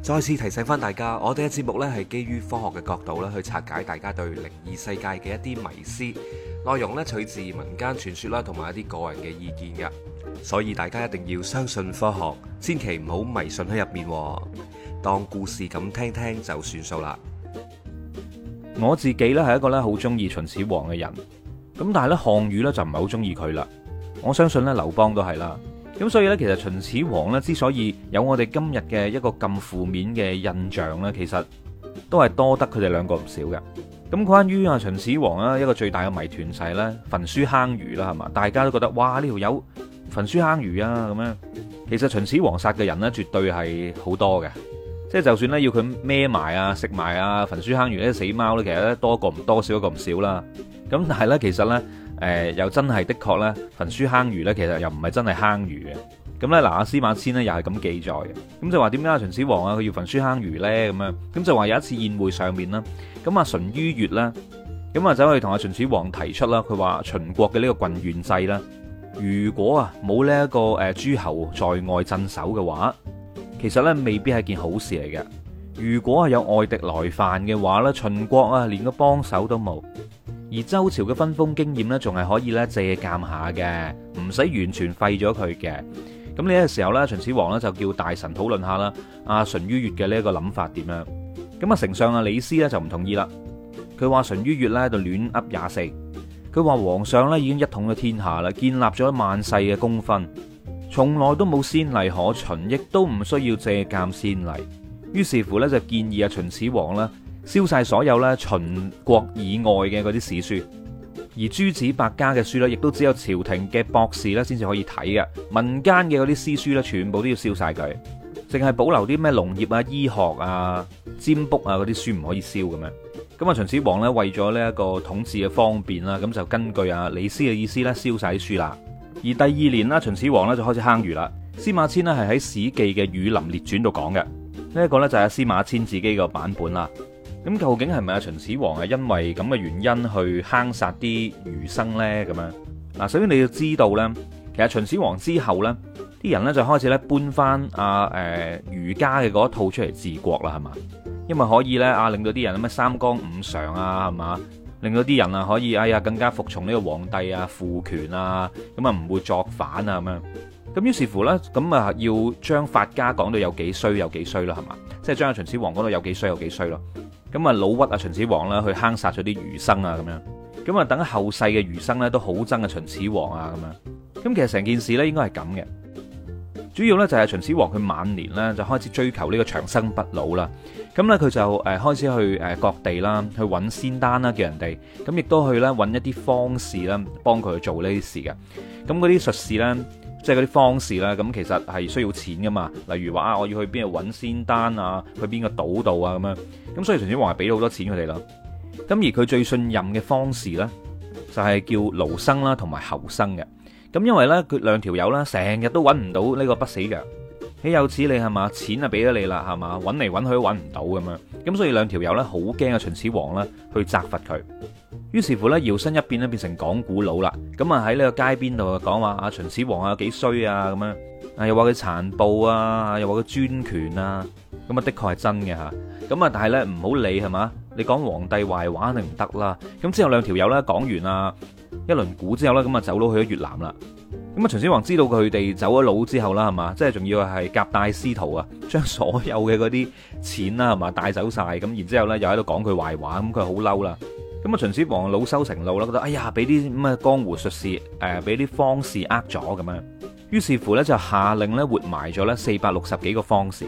再次提醒翻大家，我哋嘅節目咧係基於科學嘅角度啦，去拆解大家對靈異世界嘅一啲迷思。內容咧取自民間傳說啦，同埋一啲個人嘅意見嘅，所以大家一定要相信科學，千祈唔好迷信喺入面，當故事咁聽聽就算數啦。我自己咧係一個咧好中意秦始皇嘅人，咁但係咧項羽咧就唔係好中意佢啦。我相信咧劉邦都係啦。咁所以呢，其實秦始皇呢之所以有我哋今日嘅一個咁負面嘅印象呢，其實都係多得佢哋兩個唔少嘅。咁關於啊秦始皇啊一個最大嘅謎團就係呢，焚書坑儒啦，係嘛？大家都覺得哇呢條友焚書坑儒啊咁樣。其實秦始皇殺嘅人呢，絕對係好多嘅。即係就算呢，要佢孭埋啊食埋啊焚書坑儒呢、這個、死貓呢，其實呢，多一個唔多，少一個唔少啦。咁但係呢，其實呢。誒、呃、又真係的，的確咧，焚書坑儒咧，其實又唔係真係坑儒嘅。咁咧嗱，阿司馬遷咧又係咁記載嘅。咁就話點解阿秦始皇啊佢要焚書坑儒咧？咁樣咁就話有一次宴會上面啦，咁阿淳於越咧，咁啊走去同阿秦始皇提出啦。佢話秦國嘅呢個郡縣制啦，如果啊冇呢一個誒諸侯在外鎮守嘅話，其實咧未必係件好事嚟嘅。如果係有外敵來犯嘅話咧，秦國啊連個幫手都冇。而周朝嘅分封經驗呢，仲係可以咧借鑑下嘅，唔使完全廢咗佢嘅。咁呢一個時候呢，秦始皇呢就叫大臣討論下啦。阿淳於越嘅呢一個諗法點樣？咁啊，丞相啊李斯呢就唔同意啦。佢話淳於越喺度亂噏廿四。佢話皇上呢已經一統咗天下啦，建立咗萬世嘅功勳，從來都冇先例可循，亦都唔需要借鑑先例。於是乎呢，就建議阿秦始皇呢。燒曬所有咧，秦國以外嘅嗰啲史書，而諸子百家嘅書咧，亦都只有朝廷嘅博士咧，先至可以睇嘅。民間嘅嗰啲詩書咧，全部都要燒曬佢，淨係保留啲咩農業啊、醫學啊、占卜啊嗰啲書唔可以燒咁樣。咁啊，秦始皇咧為咗呢一個統治嘅方便啦，咁就根據啊李斯嘅意思咧，燒曬啲書啦。而第二年啦，秦始皇咧就開始坑儒啦。司馬遷咧係喺《史記》嘅《儒林列傳》度講嘅呢一個咧就係司馬遷自己個版本啦。咁究竟係咪啊？秦始皇係因為咁嘅原因去坑殺啲儒生呢？咁樣嗱，首先你要知道呢，其實秦始皇之後呢，啲人呢，就開始咧搬翻阿誒儒家嘅嗰套出嚟治國啦，係嘛，因為可以呢，啊，令到啲人咩三綱五常啊，係嘛，令到啲人啊可以哎呀更加服從呢個皇帝啊，父權啊，咁啊唔會作反啊咁樣。咁於是乎呢，咁啊要將法家講到有幾衰，有幾衰咯，係嘛，即係將阿秦始皇講到有幾衰，有幾衰咯。咁啊，老屈啊，秦始皇啦，去坑殺咗啲儒生啊，咁樣，咁啊，等後世嘅儒生咧都好憎啊秦始皇啊，咁樣，咁其實成件事咧應該係咁嘅，主要咧就係秦始皇佢晚年咧就開始追求呢個長生不老啦，咁咧佢就誒開始去誒各地啦，去揾仙丹啦，叫人哋，咁亦都去咧揾一啲方士咧幫佢去做呢啲事嘅，咁嗰啲術士咧。即係嗰啲方士啦，咁其實係需要錢噶嘛。例如話啊，我要去邊度揾仙丹啊，去邊個島度啊咁樣。咁所以秦始皇係俾咗好多錢佢哋啦。咁而佢最信任嘅方士呢，就係叫盧生啦同埋侯生嘅。咁因為呢，佢兩條友呢成日都揾唔到呢個不死嘅。豈有此理係嘛？錢啊俾咗你啦係嘛？揾嚟揾去都揾唔到咁樣。咁所以兩條友呢，好驚啊秦始皇呢去責罰佢。於是乎咧，搖身一變咧，變成講古佬啦。咁啊，喺呢個街邊度啊，講話阿秦始皇啊幾衰啊，咁樣啊又話佢殘暴啊，又話佢專權啊。咁啊，的確係真嘅吓。咁啊，但係咧唔好理係嘛，你講皇帝壞話肯定唔得啦。咁之後兩條友咧講完啊一輪古之後咧，咁啊走佬去咗越南啦。咁啊，秦始皇知道佢哋走咗佬之後啦，係嘛，即係仲要係夾帶私逃啊，將所有嘅嗰啲錢啦係嘛帶走晒。咁然之後咧又喺度講佢壞話，咁佢好嬲啦。咁啊，秦始皇老羞成怒啦，覺得哎呀，俾啲咁啊江湖術士誒，俾、呃、啲方士呃咗咁樣，於是乎咧就下令咧活埋咗咧四百六十幾個方士。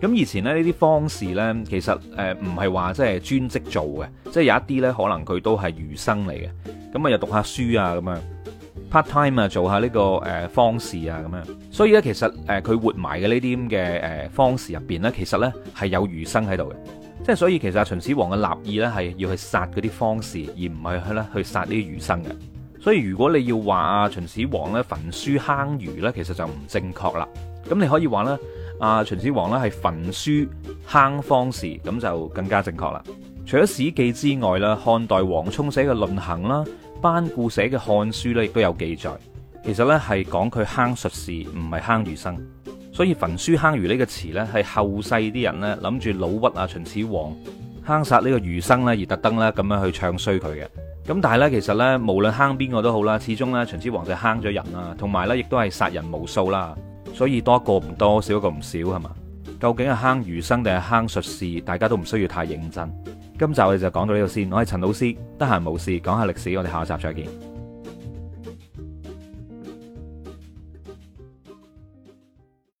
咁以前咧呢啲方士咧，其實誒唔係話即係專職做嘅，即係有一啲咧可能佢都係儒生嚟嘅，咁啊又讀下書啊咁樣，part time 啊做下呢個誒方士啊咁樣。所以咧其實誒佢活埋嘅呢啲咁嘅誒方士入邊咧，其實咧係有儒生喺度嘅。即係所以其實啊，秦始皇嘅立意咧係要去殺嗰啲方士，而唔係去咧去殺啲儒生嘅。所以如果你要話啊，秦始皇咧焚書坑儒咧，其實就唔正確啦。咁你可以話咧，啊秦始皇咧係焚書坑方士，咁就更加正確啦。除咗《史記》之外咧，漢代王充寫嘅《論衡》啦，班固寫嘅《漢書》咧，亦都有記載。其實咧係講佢坑術士，唔係坑儒生。所以焚書坑儒呢、呢個詞呢，係後世啲人呢諗住老屈啊、秦始皇坑殺呢個儒生呢，而特登呢咁樣去唱衰佢嘅。咁但係呢，其實呢，無論坑邊個都好啦，始終呢，秦始皇就坑咗人啦，同埋呢，亦都係殺人無數啦。所以多一個唔多，少一個唔少，係嘛？究竟係坑儒生定係坑術士，大家都唔需要太認真。今集我哋就講到呢度先。我係陳老師，得閒無事講下歷史，我哋下集再見。